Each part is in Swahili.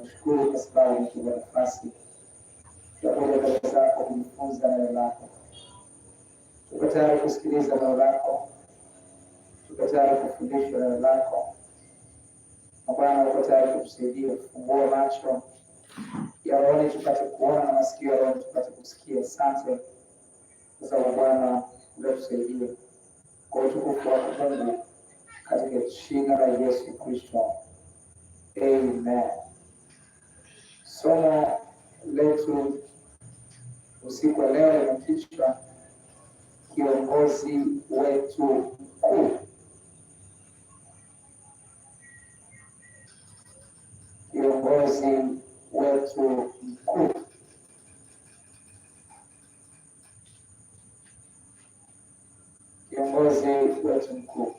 Nashukuru kwa sababu tukiwa nafasi tutakuja mbele zako kujifunza neno lako. Tuko tayari kusikiliza neno lako, tuko tayari kufundishwa neno lako. Na Bwana, uko tayari kutusaidia, kufungua macho yaone tupate kuona na masikio yaone tupate kusikia. Asante kwa sababu Bwana unatusaidia kwa utukufu wako Mungu, katika jina la Yesu Kristo, amen. Somo letu usiku wa leo lina kichwa kiongozi wetu mkuu. Kiongozi wetu mkuu. Kiongozi wetu mkuu.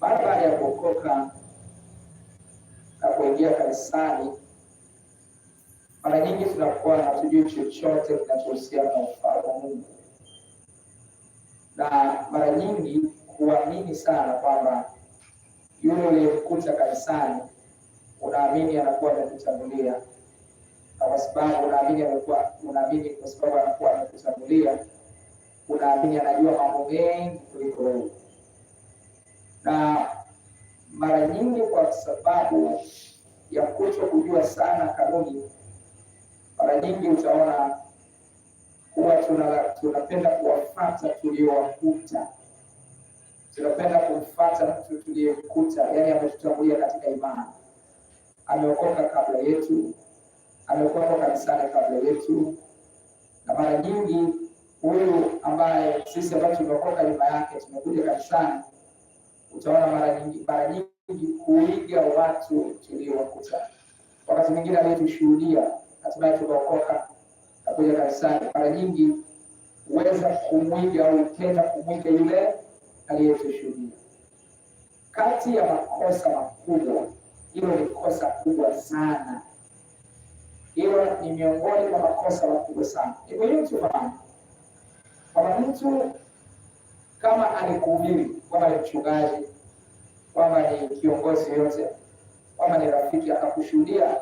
Baada ya kuokoka tunapoingia kanisani, mara nyingi tunakuwa hatujui chochote kinachohusiana na ufalme wa Mungu, na mara nyingi huamini sana kwamba yule uliyemkuta kanisani unaamini anakuwa amekutangulia, na kwa sababu unaamini amekuwa unaamini kwa sababu anakuwa amekutangulia, unaamini anajua mambo mengi kuliko wewe na mara nyingi kwa sababu ya kuto kujua sana kanuni. Mara nyingi utaona huwa tunapenda kuwafata tuliowakuta, tunapenda kumfata mtu tuliyemkuta, yani ametutangulia katika imani, ameokoka kabla yetu, ameokoka kanisani kabla yetu. Na mara nyingi huyu ambaye sisi ambayo tumeokoka nyuma yake tumekuja kanisani, utaona mara nyingi mara nyingi kuiga watu tuliowakuta. Wakati mwingine aliyetushuhudia hatimaye tukaokoka akuja kanisani, mara nyingi huweza kumwiga au tena kumwiga yule aliyetushuhudia. Kati ya makosa makubwa, hilo ni kosa kubwa sana, hilo ni miongoni mwa makosa makubwa sana. Ni mtu mama kwamba mtu kama alikuhubiri kwamba ni mchungaji kwamba ni kiongozi yoyote, kwamba ni rafiki akakushuhudia,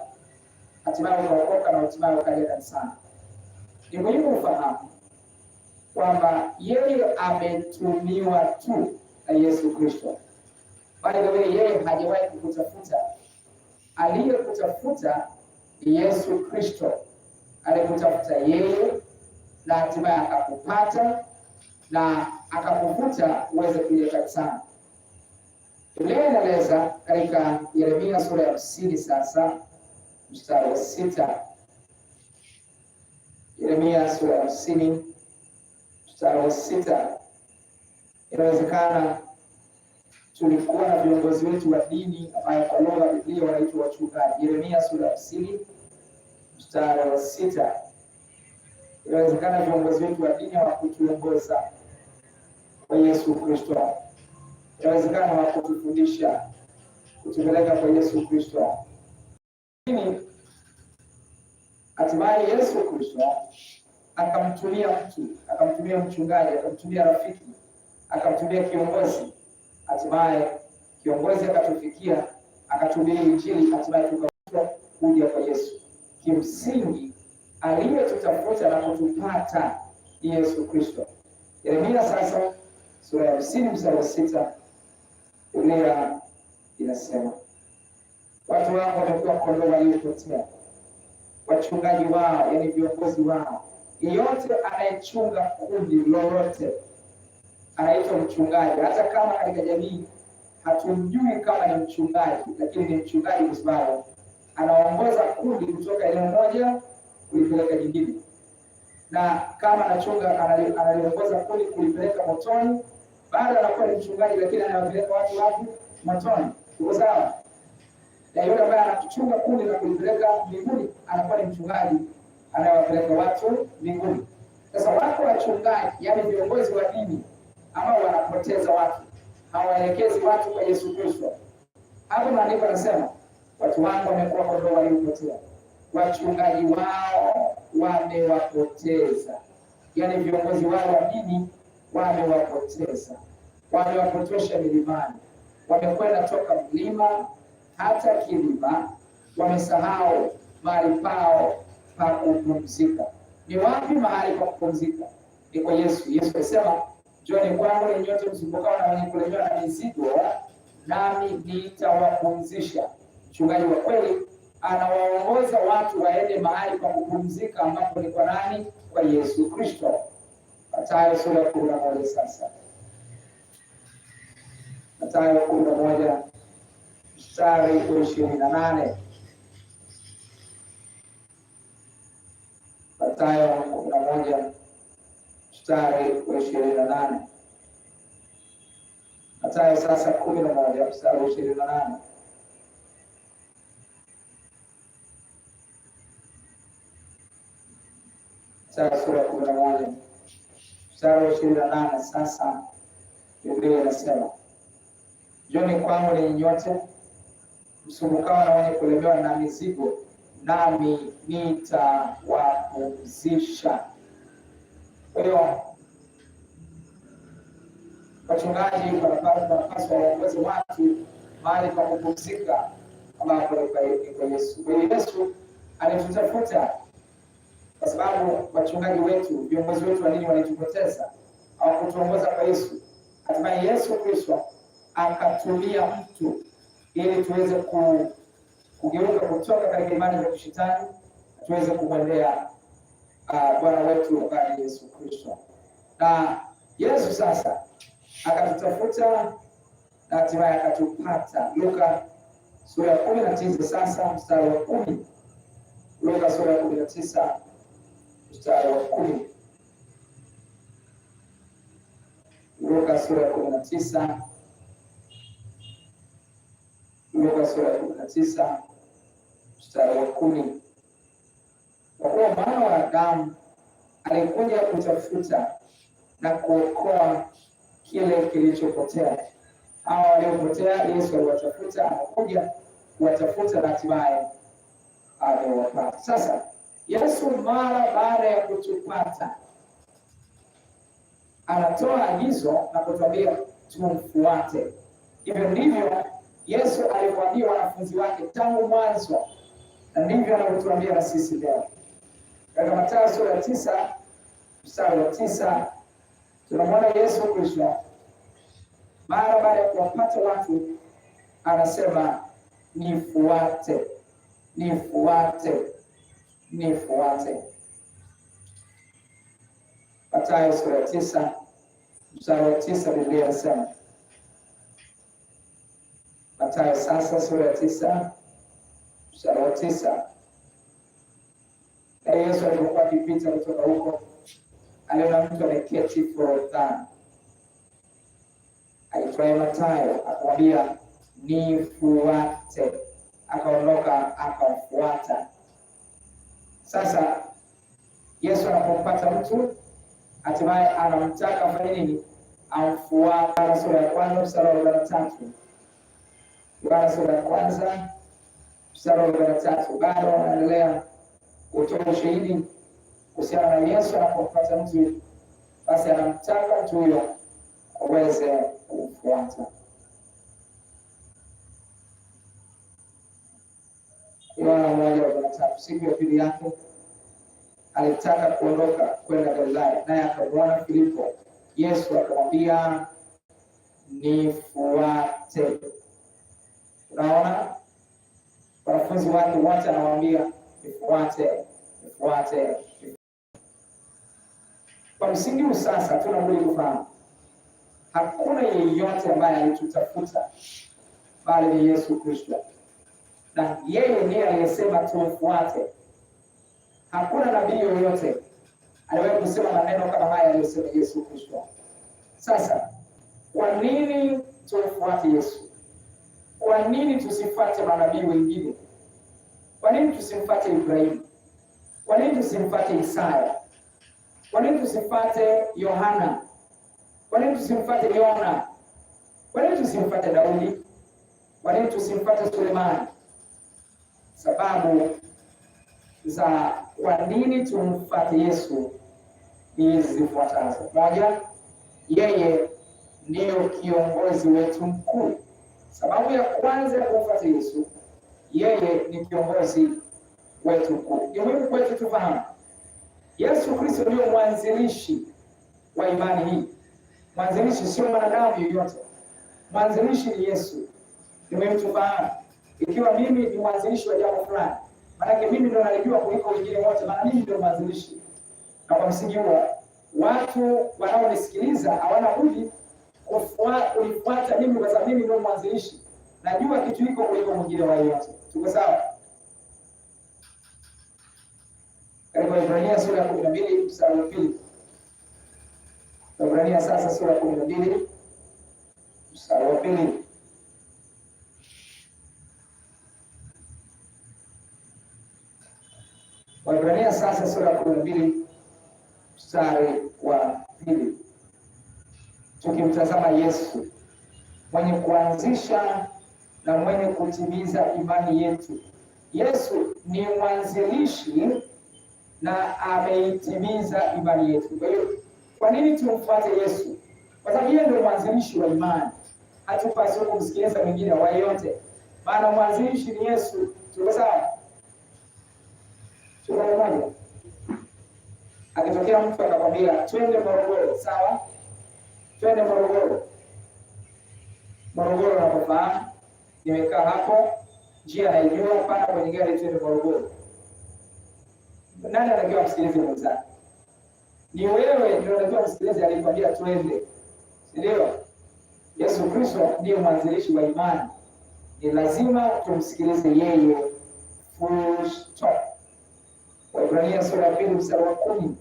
hatimaye ukaokoka na hatimaye ukaja kanisani. Ni muhimu ufahamu kwamba yeye ametumiwa tu na Yesu Kristo. By the way, yeye hajawahi kukutafuta. Aliyekutafuta ni Yesu Kristo, alikutafuta yeye na hatimaye akakupata na akakuvuta uweze kuja kanisani. Biblia inaeleza katika Yeremia sura ya hamsini sasa mstari wa sita Yeremia sura ya hamsini mstari wa sita Inawezekana tulikuwa na viongozi wetu wa dini ambayo kwa lugha ya Biblia wanaitwa wachungaji. Yeremia sura ya hamsini mstari wa sita Inawezekana viongozi wetu wa dini hawakutuongoza kwa Yesu Kristo inawezekana hawakutufundisha kutupeleka kwa Yesu Kristo, lakini hatimaye Yesu Kristo akamtumia mtu, akamtumia mchungaji, akamtumia rafiki, akamtumia kiongozi, hatimaye kiongozi akatufikia, akatumia Injili, hatimaye tukaitwa kuja kwa Yesu. Kimsingi aliyetutafuta na kutupata ni Yesu Kristo. Yeremia sasa sura ya hamsini mstari wa sita Biblia inasema watu wao watakuwa kondoo waliopotea, wachungaji wao, yani viongozi wao. Yeyote anayechunga kundi lolote anaitwa mchungaji, hata kama katika jamii hatumjui kama ni mchungaji, lakini ni mchungaji kwa sababu anaongoza kundi kutoka eneo moja kulipeleka jingine, na kama anachunga analiongoza kundi kulipeleka motoni bado anakuwa ni mchungaji, lakini anawapeleka watu wapi? Matoni. Uko sawa? Na yule ambaye anachunga kundi na kulipeleka mbinguni anakuwa ni mchungaji, anawapeleka watu mbinguni. Sasa wako wachungaji, yani viongozi wa dini, ambao wanapoteza watu, hawaelekezi watu kwa Yesu Kristo. Hapo maandiko anasema watu wangu wamekuwa kondoo waliopotea, wachungaji wao wamewapoteza. yani viongozi wao wa dini wale waliopoteza, wale milimani, wamekwenda toka mlima hata kilima, wamesahau mahali pao pa kupumzika. Ni wapi mahali pa kupumzika? Ni kwa Yesu. Yesu alisema, njoni kwangu ni nyote msumbukao na wenye kulemewa na mizigo, nami nitawapumzisha. Mchungaji wa kweli anawaongoza watu waende mahali pa kupumzika, ambapo ni kwa nani? Kwa Yesu Kristo. Mathayo sura kumi na moja sasa. Mathayo kumi na moja mstari wa ishirini na nane. Mathayo kumi na moja mstari wa ishirini na nane. Mathayo sasa kumi na moja mstari wa ishirini na nane. Mathayo sura kumi na moja mstari wa ishirini na nane sasa Biblia inasema njoni kwangu ninyi nyote msumbukao na wenye kulemewa na mizigo, nami nitawapumzisha. Kwa hiyo wachungaji ya waongoze watu mahali pa kupumzika ambapo ni kwa Yesu. Kwa hiyo Yesu alitutafuta kwa sababu wachungaji wetu, viongozi wetu wa dini walitupoteza, hawakutuongoza kwa Yesu. Hatimaye Yesu Kristo akatumia mtu ili tuweze ku, kugeuka kutoka katika imani za kishetani tuweze kumwendea uh, Bwana wetu uh, Yesu Kristo. Na Yesu sasa akatutafuta na hatimaye akatupata. Luka sura ya kumi na tisa sasa mstari wa kumi Luka sura ya kumi na tisa mstari wa kumi Luka sura ya kumi na tisa Luka sura ya kumi na tisa mstari wa kumi kwa kuwa mwana wa Adamu alikuja kutafuta na kuokoa kile kilichopotea. Hawa waliopotea Yesu aliwatafuta, anakuja kuwatafuta na hatimaye amewapata. Sasa Yesu mara baada ya kutupata anatoa agizo na kutwambia tumfuate. Hivyo ndivyo Yesu aliwaambia wanafunzi wake tangu mwanzo, na ndivyo anavyotuambia na sisi leo. Katika Mathayo sura ya tisa mstari wa tisa tunamwona Yesu Kristo mara baada ya kuwapata watu anasema nifuate, nifuate nifuate. Mathayo sura tisa mstari wa tisa Biblia inasema, Mathayo sasa sura tisa mstari wa tisa na Yesu alipokuwa akipita kutoka huko, aliona mtu ameketi forodhani aitwaye Mathayo, akamwambia nifuate. Akaondoka akamfuata. Sasa Yesu anapompata mtu hatimaye anamtaka afanye nini? Amfuate. Yohana sura ya kwanza mstari wa arobaini na tatu. Yohana sura ya kwanza mstari wa arobaini na tatu. Bado wanaendelea kutoa ushahidi kuhusiana na Yesu anapompata mtu, basi anamtaka mtu huyo aweze kumfuata. Yohana moja arobaini na tatu. Siku ya pili yake alitaka kuondoka kwenda Galilaya, naye akamwona Filipo. Yesu akamwambia nifuate. Unaona, wanafunzi wake wote anawambia nifuate, nifuate. Kwa msingi huu sasa tunabudi kufahamu hakuna yeyote ambaye alitutafuta bali ni Yesu Kristo, na yeye ndiye aliyesema tumfuate. Hakuna nabii yoyote aliwahi kusema maneno kama haya aliyosema Yesu Kristo. Sasa kwa nini tumfuate Yesu? Kwa nini tusifuate manabii wengine? Kwa nini tusimfuate Ibrahimu? Kwa nini tusimfuate Isaya? Kwa nini tusimfuate Yohana? Kwa nini tusimfuate Yona? Kwa nini tusimfuate Daudi? Kwa nini tusimfuate Sulemani? Sababu za kwa nini tumfuate Yesu ni zifuatazo. Moja, yeye ndiyo kiongozi wetu mkuu. Sababu ya kwanza ya kumfuata Yesu, yeye ni kiongozi wetu mkuu. Ni muhimu kwetu tufahamu, Yesu Kristo ndiyo mwanzilishi wa imani hii. Mwanzilishi sio mwanadamu yoyote, mwanzilishi ni Yesu. Ni muhimu tufahamu, ikiwa mimi ni mwanzilishi wa jambo fulani Maanake mimi ndo nalijua kuliko wengine wote, maana mimi ndio mwanzilishi. Na kwa msingi huo watu wanaonisikiliza hawana budi kunifuata mimi, kwa sababu mimi ndio mwanzilishi, najua kitu hiko kuliko mwingine wote. Tuko sawa? Katika Ibrania sura ya kumi na mbili mstari wa pili. Ibrania sasa sura ya kumi na mbili mstari wa pili. Waebrania sasa sura ya kumi na mbili mstari wa pili tukimtazama Yesu mwenye kuanzisha na mwenye kutimiza imani yetu. Yesu ni mwanzilishi na ameitimiza imani yetu. Kwa hiyo kwa nini tumfuate Yesu? Kwa sababu yeye ndio mwanzilishi wa imani, hatupaswi kumsikiliza mwingine wa yote, maana mwanzilishi ni Yesu. Tuko sawa? sura moja, akitokea mtu akakwambia twende Morogoro, sawa, twende Morogoro. Morogoro nakufahamu, nimekaa hapo, njia naijua, pana kwenye gari, twende Morogoro. Nani anatakiwa msikilize mwenzake? Ni wewe ndio unatakiwa msikilize alikwambia twende, si ndio? Yesu Kristo ndiye mwanzilishi wa imani, ni lazima tumsikilize yeye, full stop. Waebrania sura ya pili mstari wa kumi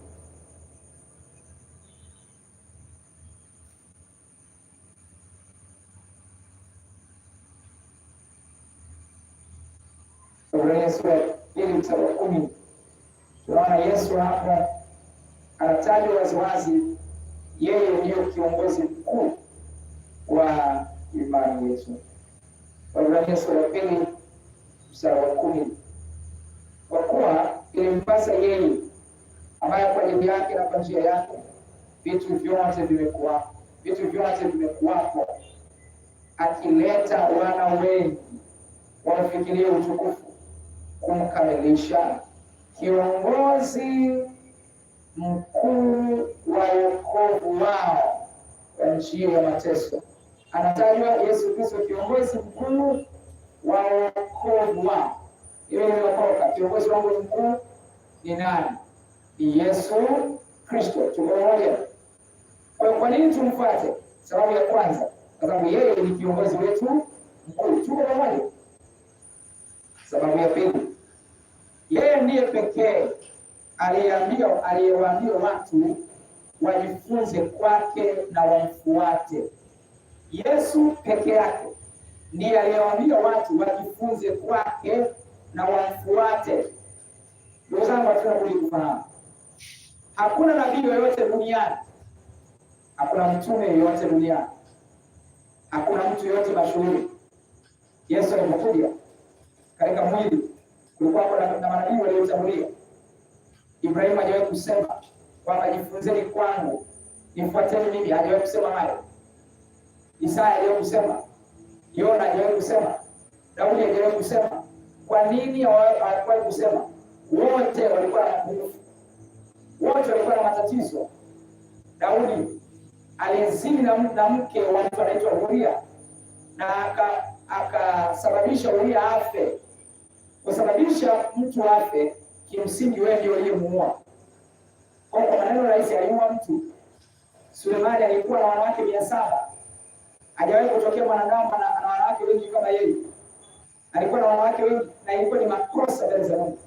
Waebrania sura ya pili mstari wa kumi tunaona Yesu hapa anatajwa waziwazi, yeye ndiyo kiongozi mkuu wa imani yetu. Waebrania sura ya pili mstari wa kumi ilimpasa yeye ambaye kwa dini yake na kwa njia yake vitu vyote vimekuwapo, vitu vyote vimekuwapo, akileta wana wengi wamfikirie utukufu kumkamilisha kiongozi mkuu wa wokovu wao kwa njia ya mateso. Anatajwa Yesu Kristo, kiongozi mkuu wa wokovu wao iwe nimeokoka. Kiongozi wangu mkuu ni nani? Ni Yesu Kristo. Tuko pamoja? Kwa nini tumfuate? Sababu ya kwanza, kwa sababu yeye ni kiongozi wetu mkuu. Tuko Sababu ya pili, yeye ndiye pekee aliyeambia aliyewaambia watu wajifunze kwake na wamfuate. Yesu peke yake ndiye aliyewaambia watu wajifunze kwake na wamfuate. Ndugu zangu katika kufahamu, hakuna nabii yoyote duniani, hakuna mtume yoyote duniani, hakuna mtu yoyote mashuhuri. Yesu alipokuja katika mwili, kulikuwa na manabii waliotangulia. Ibrahimu hajawahi kusema kwamba jifunzeni kwangu, nifuateni mimi, hajawahi kusema hayo. Isaya hajawahi kusema, Yona hajawahi kusema, Daudi hajawahi kusema kwa nini hawakuwahi kusema? Wote walikuwa na nguvu, wote walikuwa na matatizo. Daudi aliyezini na mke wa mtu anaitwa huria na akasababisha aka Uria afe. Kusababisha mtu afe, kimsingi wewe ndio uliyemuua. Kwa maneno rahisi, aliua mtu. Sulemani alikuwa na wanawake mia saba. Hajawahi kutokea mwanadamu na wanawake wengi kama yeye alikuwa na wanawake wengi, na ilikuwa ni makosa mbele za Mungu.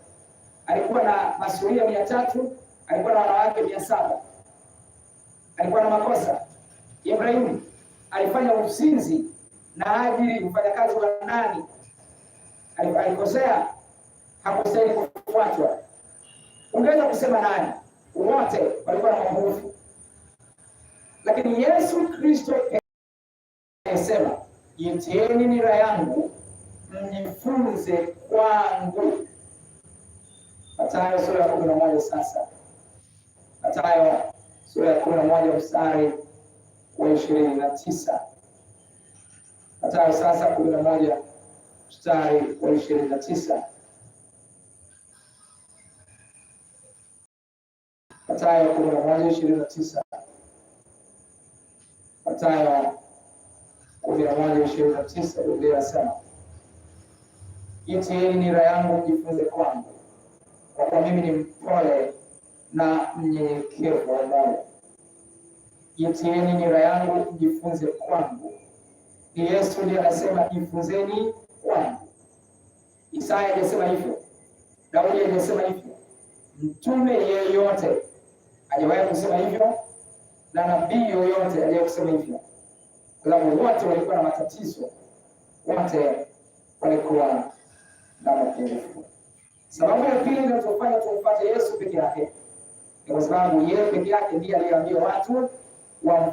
Alikuwa na masuria mia tatu, alikuwa na wanawake mia saba. Alikuwa na makosa. Ibrahimu alifanya uzinzi na ajili mfanyakazi wa nani? Alikosea? Hakustahili kufuatwa. Ungeweza kusema nani? Wote walikuwa na mapungufu, lakini Yesu Kristo alisema, jitieni nira yangu mjifunze kwangu. Mathayo sura ya kumi na moja sasa, Mathayo sura ya kumi na moja mstari wa ishirini na tisa Mathayo sasa kumi na moja mstari wa ishirini na tisa Mathayo kumi na moja ishirini na tisa Mathayo kumi na moja ishirini na tisa Biblia inasema Itieni nira yangu mjifunze kwangu, kwa kuwa mimi ni mpole na mnyenyekevu wa moyo. Itieni nira yangu mjifunze kwangu. Ni Yesu ndiye anasema jifunzeni kwangu. Isaya hajasema hivyo, Daudi hajasema hivyo, mtume yeyote hajawahi kusema hivyo, na nabii yoyote hajawahi kusema hivyo, kwa sababu wote walikuwa na matatizo, wote walikuwa na Sababu ya pili inazofanya tumfuate Yesu peke yake ni kwa sababu yeye peke yake ndiye aliyeambia watu wa